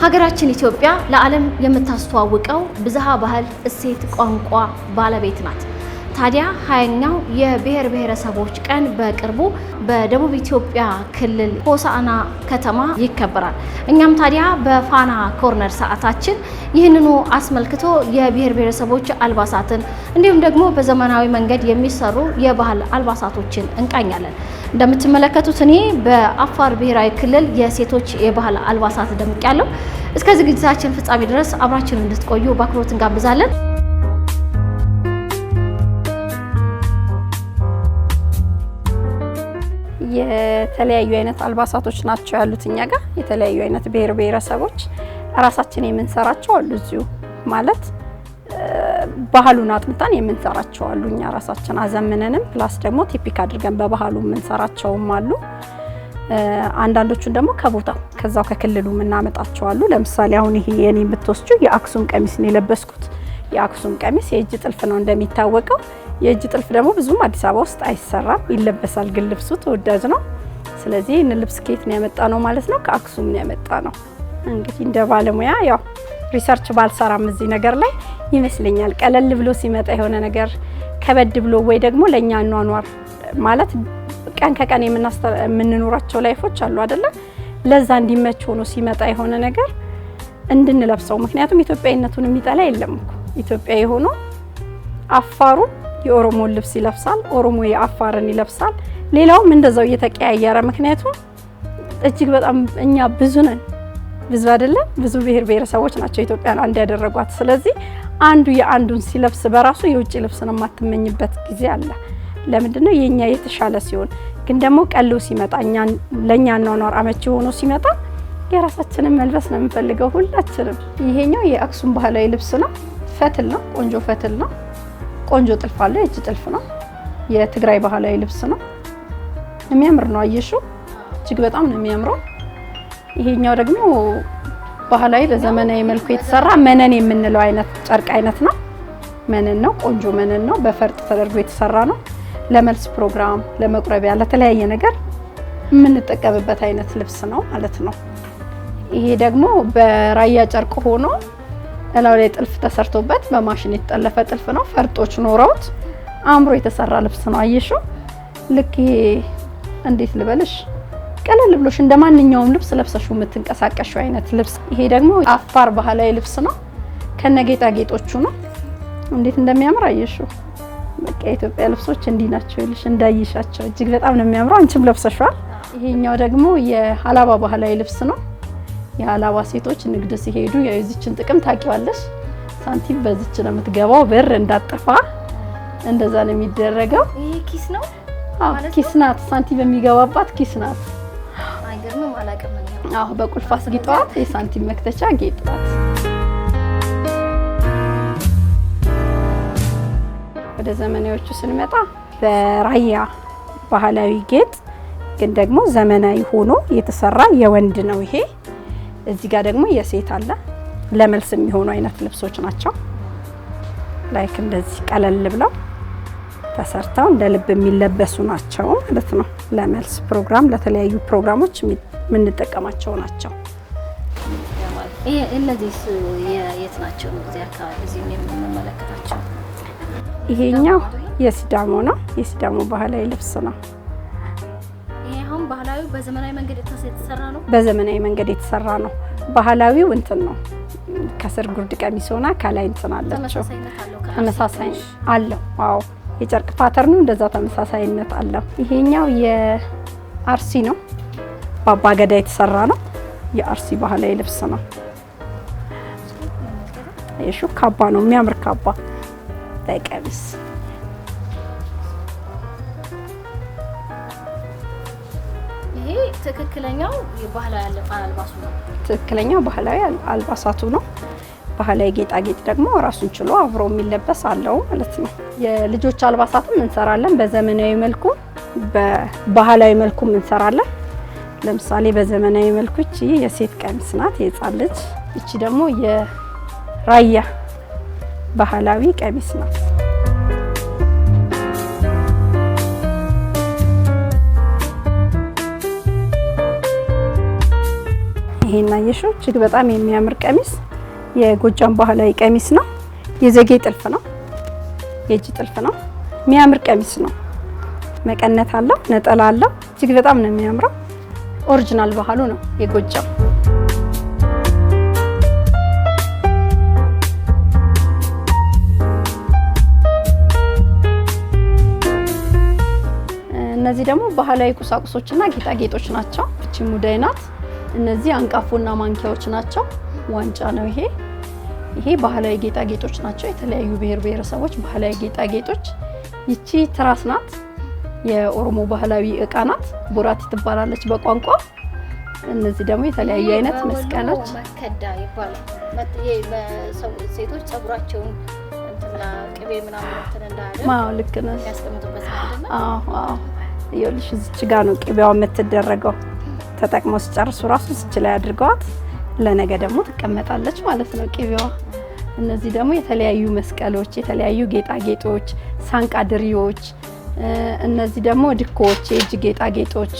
ሀገራችን ኢትዮጵያ ለዓለም የምታስተዋውቀው ብዝሃ ባህል፣ እሴት፣ ቋንቋ ባለቤት ናት። ታዲያ ሀያኛው የብሔር ብሔረሰቦች ቀን በቅርቡ በደቡብ ኢትዮጵያ ክልል ሆሳዕና ከተማ ይከበራል። እኛም ታዲያ በፋና ኮርነር ሰዓታችን ይህንኑ አስመልክቶ የብሔር ብሔረሰቦች አልባሳትን እንዲሁም ደግሞ በዘመናዊ መንገድ የሚሰሩ የባህል አልባሳቶችን እንቃኛለን። እንደምትመለከቱት እኔ በአፋር ብሔራዊ ክልል የሴቶች የባህል አልባሳት ደምቅ ያለው እስከ ዝግጅታችን ፍጻሜ ድረስ አብራችን እንድትቆዩ በአክብሮት እንጋብዛለን። የተለያዩ አይነት አልባሳቶች ናቸው ያሉት እኛ ጋር። የተለያዩ አይነት ብሔር ብሔረሰቦች ራሳችን የምንሰራቸው አሉ እዚሁ ማለት ባህሉን አጥምታን የምንሰራቸው አሉ። እኛ ራሳችን አዘምነንም ፕላስ ደግሞ ቲፒክ አድርገን በባህሉ የምንሰራቸውም አሉ። አንዳንዶቹን ደግሞ ከቦታው ከዛው ከክልሉ የምናመጣቸው አሉ። ለምሳሌ አሁን ይሄ የኔ የምትወስጁ የአክሱም ቀሚስ ነው የለበስኩት። የአክሱም ቀሚስ የእጅ ጥልፍ ነው እንደሚታወቀው የእጅ ጥልፍ ደግሞ ብዙም አዲስ አበባ ውስጥ አይሰራም፣ ይለበሳል፣ ግን ልብሱ ተወዳጅ ነው። ስለዚህ ይህን ልብስ ከየት ነው ያመጣ ነው ማለት ነው? ከአክሱም ነው ያመጣ ነው። እንግዲህ እንደ ባለሙያ ያው ሪሰርች ባልሰራም እዚህ ነገር ላይ ይመስለኛል ቀለል ብሎ ሲመጣ የሆነ ነገር ከበድ ብሎ ወይ ደግሞ ለእኛ አኗኗር ማለት ቀን ከቀን የምንኖራቸው ላይፎች አሉ አደለ? ለዛ እንዲመች ሆኖ ሲመጣ የሆነ ነገር እንድንለብሰው ምክንያቱም ኢትዮጵያዊነቱን የሚጠላ የለም እኮ ኢትዮጵያዊ ሆኖ አፋሩ የኦሮሞን ልብስ ይለብሳል፣ ኦሮሞ የአፋርን ይለብሳል፣ ሌላውም እንደዛው እየተቀያየረ ምክንያቱም እጅግ በጣም እኛ ብዙ ነን። ብዙ አይደለም ብዙ ብሔር ብሔረሰቦች ናቸው ኢትዮጵያን አንድ ያደረጓት። ስለዚህ አንዱ የአንዱን ሲለብስ በራሱ የውጭ ልብስን የማትመኝበት ጊዜ አለ። ለምንድን ነው የእኛ የተሻለ ሲሆን ግን ደግሞ ቀሎ ሲመጣ ለእኛ ኗኗር አመቺ ሆኖ ሲመጣ የራሳችንን መልበስ ነው የምንፈልገው ሁላችንም። ይሄኛው የአክሱም ባህላዊ ልብስ ነው። ፈትል ነው፣ ቆንጆ ፈትል ነው። ቆንጆ ጥልፍ አለ። የእጅ ጥልፍ ነው። የትግራይ ባህላዊ ልብስ ነው። የሚያምር ነው። አየሽው? እጅግ በጣም ነው የሚያምረው። ይሄኛው ደግሞ ባህላዊ በዘመናዊ መልኩ የተሰራ መነን የምንለው አይነት ጨርቅ አይነት ነው። መነን ነው። ቆንጆ መነን ነው። በፈርጥ ተደርጎ የተሰራ ነው። ለመልስ ፕሮግራም፣ ለመቁረቢያ፣ ለተለያየ ነገር የምንጠቀምበት አይነት ልብስ ነው ማለት ነው። ይሄ ደግሞ በራያ ጨርቅ ሆኖ እላው ላይ ጥልፍ ተሰርቶበት በማሽን የተጠለፈ ጥልፍ ነው። ፈርጦች ኖረውት አምሮ የተሰራ ልብስ ነው። አየሽው ልክ ይሄ እንዴት ልበልሽ ቀለል ብሎሽ እንደ ማንኛውም ልብስ ለብሰሽው የምትንቀሳቀሽው አይነት ልብስ። ይሄ ደግሞ አፋር ባህላዊ ልብስ ነው። ከነ ጌጦቹ ነው። እንዴት እንደሚያምር አየሹ። በቃ የኢትዮጵያ ልብሶች እንዲህ ናቸው ይልሽ እንዳይሻቸው እጅግ በጣም ነው የሚያምረው። አንቺም ለብሰሽዋል። ይሄኛው ደግሞ የሀላባ ባህላዊ ልብስ ነው። የአላባ ሴቶች ንግድ ሲሄዱ የዚችን ጥቅም ታውቂዋለሽ። ሳንቲም በዚች ነው የምትገባው፣ ብር እንዳጠፋ እንደዛ ነው የሚደረገው። ኪስ ነው ኪስ ናት፣ ሳንቲም የሚገባባት ኪስ ናት። አዎ በቁልፍ አስጌጠዋት፣ የሳንቲም መክተቻ ጌጥ ወደ ዘመናዎቹ ስንመጣ በራያ ባህላዊ ጌጥ ግን ደግሞ ዘመናዊ ሆኖ የተሰራ የወንድ ነው ይሄ እዚህ ጋር ደግሞ የሴት አለ። ለመልስ የሚሆኑ አይነት ልብሶች ናቸው። ላይክ እንደዚህ ቀለል ብለው ተሰርተው እንደ ልብ የሚለበሱ ናቸው ማለት ነው። ለመልስ ፕሮግራም፣ ለተለያዩ ፕሮግራሞች የምንጠቀማቸው ናቸው። ይሄኛው የሲዳሞ ነው። የሲዳሞ ባህላዊ ልብስ ነው። በዘመናዊ መንገድ የተሰራ ነው። በዘመናዊ መንገድ የተሰራ ነው። ባህላዊው እንትን ነው። ከስር ጉርድ ቀሚስ ሆና ከላይ እንትን አለችው። ተመሳሳይ አለው። አዎ የጨርቅ ፓተርኑ እንደዛ ተመሳሳይነት አለው። ይሄኛው የአርሲ ነው። በአባ ገዳ የተሰራ ነው። የአርሲ ባህላዊ ልብስ ነው። የሹ ካባ ነው። የሚያምር ካባ ቀሚስ ትክክለኛው ባህላዊ አልባሱ ነው። ትክክለኛው ባህላዊ አልባሳቱ ነው። ባህላዊ ጌጣጌጥ ደግሞ ራሱን ችሎ አብሮ የሚለበስ አለው ማለት ነው። የልጆች አልባሳትም እንሰራለን። በዘመናዊ መልኩ፣ በባህላዊ መልኩም እንሰራለን። ለምሳሌ በዘመናዊ መልኩ እቺ የሴት ቀሚስ ናት፣ የህፃን ልጅ። እቺ ደግሞ የራያ ባህላዊ ቀሚስ ናት። ይሄን አየሽው? እጅግ በጣም የሚያምር ቀሚስ የጎጃም ባህላዊ ቀሚስ ነው። የዘጌ ጥልፍ ነው፣ የእጅ ጥልፍ ነው። የሚያምር ቀሚስ ነው። መቀነት አለው፣ ነጠላ አለው። እጅግ በጣም ነው የሚያምረው። ኦሪጂናል ባህሉ ነው የጎጃም እነዚህ ደግሞ ባህላዊ ቁሳቁሶችና ጌጣጌጦች ናቸው። እቺ ሙዳይ ናት። እነዚህ አንቃፎና ማንኪያዎች ናቸው። ዋንጫ ነው ይሄ። ይሄ ባህላዊ ጌጣጌጦች ናቸው። የተለያዩ ብሔር ብሔረሰቦች ባህላዊ ጌጣጌጦች። ይቺ ትራስ ናት። የኦሮሞ ባህላዊ እቃ ናት። ቡራቲ ትባላለች በቋንቋ። እነዚህ ደግሞ የተለያዩ አይነት መስቀሎች መከዳ ይባላል። ሴቶች ጸጉራቸውን ቅቤ ምናምን ልክ ነሽ። ይኸውልሽ እዚች ጋ ነው ቅቤዋ የምትደረገው። ተጠቅመው ሲጨርሱ ራሱ ስች ላይ አድርገዋት ለነገ ደግሞ ትቀመጣለች ማለት ነው ቂቤዋ። እነዚህ ደግሞ የተለያዩ መስቀሎች፣ የተለያዩ ጌጣጌጦች፣ ሳንቃ ድሪዎች፣ እነዚህ ደግሞ ድኮዎች፣ የእጅ ጌጣጌጦች።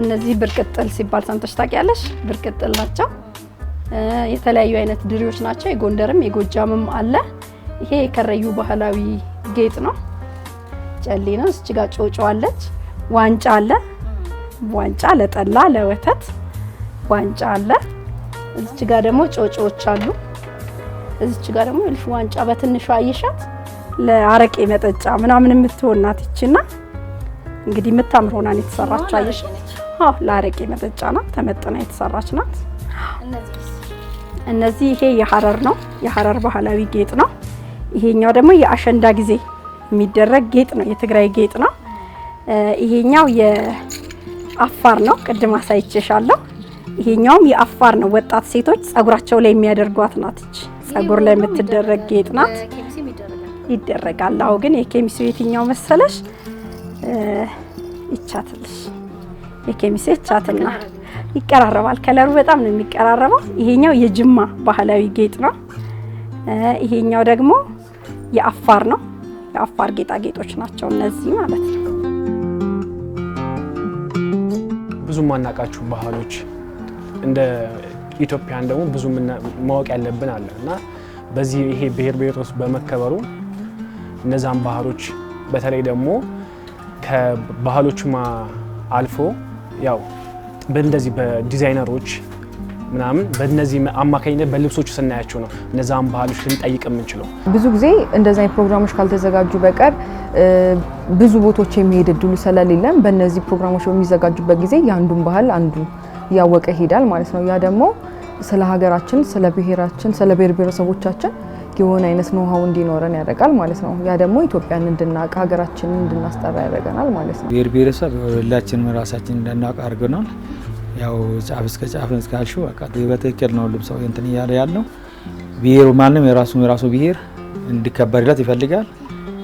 እነዚህ ብርቅጥል ሲባል ሰምተሽ ታውቂያለሽ? ብርቅጥል ናቸው። የተለያዩ አይነት ድሪዎች ናቸው። የጎንደርም የጎጃምም አለ። ይሄ የከረዩ ባህላዊ ጌጥ ነው። ጨሌ ነው። እዚች ጮጮ አለች። ዋንጫ አለ። ዋንጫ ለጠላ ለወተት ዋንጫ አለ። እዚች ጋር ደግሞ ጮጮዎች አሉ። እዚች ጋር ደግሞ ልፍ ዋንጫ በትንሹ አይሻት ለአረቄ መጠጫ ምናምን የምትሆን ናት። ይችና እንግዲህ የምታምር ሆና ነው የተሰራችው። አየሽ? አዎ ለአረቄ መጠጫ ናት። ተመጥና የተሰራች ናት። እነዚህ ይሄ የሐረር ነው፣ የሐረር ባህላዊ ጌጥ ነው። ይሄኛው ደግሞ የአሸንዳ ጊዜ የሚደረግ ጌጥ ነው፣ የትግራይ ጌጥ ነው። ይሄኛው አፋር ነው። ቅድም አሳይቼሻለሁ። ይሄኛውም የአፋር ነው። ወጣት ሴቶች ጸጉራቸው ላይ የሚያደርጓት ናት። እች ጸጉር ላይ የምትደረግ ጌጥ ናት። ይደረጋል። አሁ ግን የኬሚሱ የትኛው መሰለሽ? ይቻትልሽ የኬሚሱ ይቻትና ይቀራረባል። ከለሩ በጣም ነው የሚቀራረበው። ይሄኛው የጅማ ባህላዊ ጌጥ ነው። ይሄኛው ደግሞ የአፋር ነው። የአፋር ጌጣጌጦች ናቸው እነዚህ ማለት ነው። ብዙ የማናውቃችሁ ባህሎች እንደ ኢትዮጵያን ደግሞ ብዙ ማወቅ ያለብን አለ እና በዚህ ይሄ ብሔር ብሔረሰቦች በመከበሩ እነዛን ባህሎች በተለይ ደግሞ ከባህሎችማ አልፎ ያው በእንደዚህ በዲዛይነሮች ምናምን በእነዚህ አማካኝነት በልብሶቹ ስናያቸው ነው እነዛን ባህሎች ልንጠይቅ የምንችለው። ብዙ ጊዜ እንደዚ ፕሮግራሞች ካልተዘጋጁ በቀር ብዙ ቦታዎች የሚሄድ እድሉ ስለሌለን በእነዚህ ፕሮግራሞች በሚዘጋጁበት ጊዜ የአንዱን ባህል አንዱ እያወቀ ይሄዳል ማለት ነው። ያ ደግሞ ስለ ሀገራችን፣ ስለ ብሔራችን፣ ስለ ብሔር ብሔረሰቦቻችን የሆነ አይነት ኖሃው እንዲኖረን ያደርጋል ማለት ነው። ያ ደግሞ ኢትዮጵያን እንድናውቅ ሀገራችንን እንድናስጠራ ያደርገናል ማለት ነው። ብሔር ብሔረሰብ ሁላችንም ራሳችን እንድናውቅ አድርገናል። ያው ጫፍ እስከ ጫፍ ነው እስካልሽው በቃ በትክክል ነው ልብሰው እንትን እያለ ያለው ብሔሩ ማንም የራሱ የራሱ ብሄር እንዲከበርለት ይፈልጋል።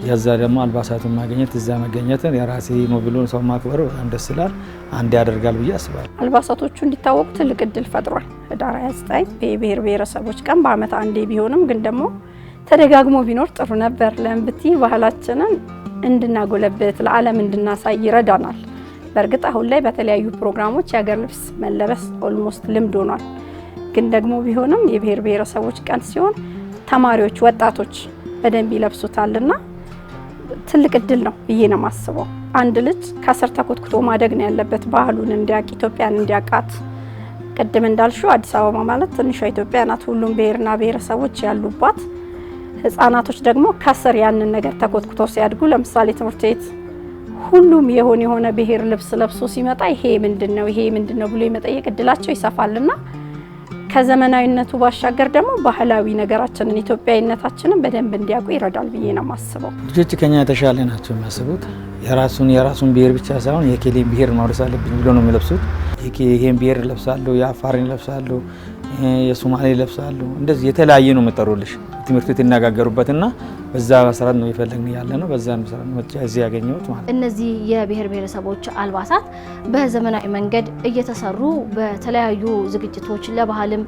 የዛ ደግሞ አልባሳቱን ማግኘት እዛ መገኘትን የራሴ ነው ብሎ ሰው ማክበሩ በጣም ደስ ይላል። አንድ ያደርጋል ብዬ አስባለሁ። አልባሳቶቹ እንዲታወቁ ትልቅ እድል ፈጥሯል። ህዳር 29 የብሔር ብሔረሰቦች ቀን በአመት አንዴ ቢሆንም ግን ደግሞ ተደጋግሞ ቢኖር ጥሩ ነበር። ለእንብቲ ባህላችንን እንድናጎለበት ለዓለም እንድናሳይ ይረዳናል። በእርግጥ አሁን ላይ በተለያዩ ፕሮግራሞች የሀገር ልብስ መለበስ ኦልሞስት ልምድ ሆኗል። ግን ደግሞ ቢሆንም የብሔር ብሔረሰቦች ቀን ሲሆን ተማሪዎች፣ ወጣቶች በደንብ ይለብሱታልና ትልቅ እድል ነው ብዬ ነው የማስበው። አንድ ልጅ ከስር ተኮትኩቶ ማደግ ነው ያለበት፣ ባህሉን እንዲያውቅ፣ ኢትዮጵያን እንዲያውቃት። ቅድም እንዳልሽው አዲስ አበባ ማለት ትንሿ ኢትዮጵያ ናት፣ ሁሉም ብሔርና ብሔረሰቦች ያሉባት። ህጻናቶች ደግሞ ከስር ያንን ነገር ተኮትኩቶ ሲያድጉ ለምሳሌ ትምህርት ቤት ሁሉም የሆነ የሆነ ብሔር ልብስ ለብሶ ሲመጣ ይሄ ምንድን ነው ይሄ ምንድን ነው ብሎ የመጠየቅ እድላቸው ይሰፋልና ከዘመናዊነቱ ባሻገር ደግሞ ባህላዊ ነገራችንን ኢትዮጵያዊነታችንን በደንብ እንዲያውቁ ይረዳል ብዬ ነው የማስበው። ልጆች ከኛ የተሻለ ናቸው የሚያስቡት። የራሱን የራሱን ብሔር ብቻ ሳይሆን የኬሌን ብሔር ማውረስ አለብኝ ብሎ ነው የሚለብሱት። ይሄን ብሔር ለብሳለሁ፣ የአፋርን ለብሳለሁ፣ የሶማሌ ይለብሳሉ። እንደዚህ የተለያየ ነው የምጠሩልሽ ትምህርት ቤት ይነጋገሩበትና በዛ መሰረት ነው የፈለግን ያለ ነው። በዛ መሰረት ነው እዚህ ያገኘሁት ማለት እነዚህ የብሔር ብሔረሰቦች አልባሳት በዘመናዊ መንገድ እየተሰሩ በተለያዩ ዝግጅቶች ለባህልም፣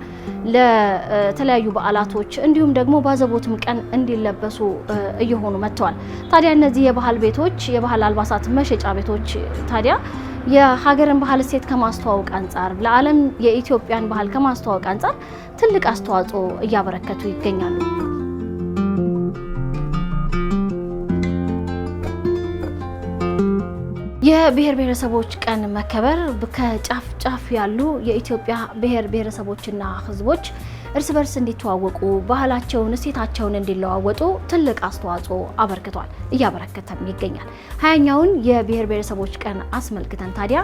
ለተለያዩ በዓላቶች እንዲሁም ደግሞ ባዘቦትም ቀን እንዲለበሱ እየሆኑ መጥተዋል። ታዲያ እነዚህ የባህል ቤቶች የባህል አልባሳት መሸጫ ቤቶች ታዲያ የሀገርን ባህል እሴት ከማስተዋወቅ አንጻር ለዓለም የኢትዮጵያን ባህል ከማስተዋወቅ አንጻር ትልቅ አስተዋጽኦ እያበረከቱ ይገኛሉ። የብሔር ብሔረሰቦች ቀን መከበር ከጫፍ ጫፍ ያሉ የኢትዮጵያ ብሔር ብሔረሰቦችና ሕዝቦች እርስ በርስ እንዲተዋወቁ ባህላቸውን፣ እሴታቸውን እንዲለዋወጡ ትልቅ አስተዋጽኦ አበርክቷል እያበረከተም ይገኛል። ሀያኛውን የብሔር ብሔረሰቦች ቀን አስመልክተን ታዲያ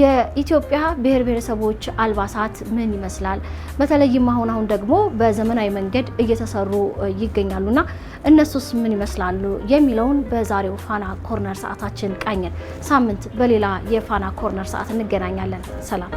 የኢትዮጵያ ብሔር ብሔረሰቦች አልባሳት ምን ይመስላል? በተለይም አሁን አሁን ደግሞ በዘመናዊ መንገድ እየተሰሩ ይገኛሉና እነሱስ ምን ይመስላሉ የሚለውን በዛሬው ፋና ኮርነር ሰዓታችን ቃኘን። ሳምንት በሌላ የፋና ኮርነር ሰዓት እንገናኛለን። ሰላም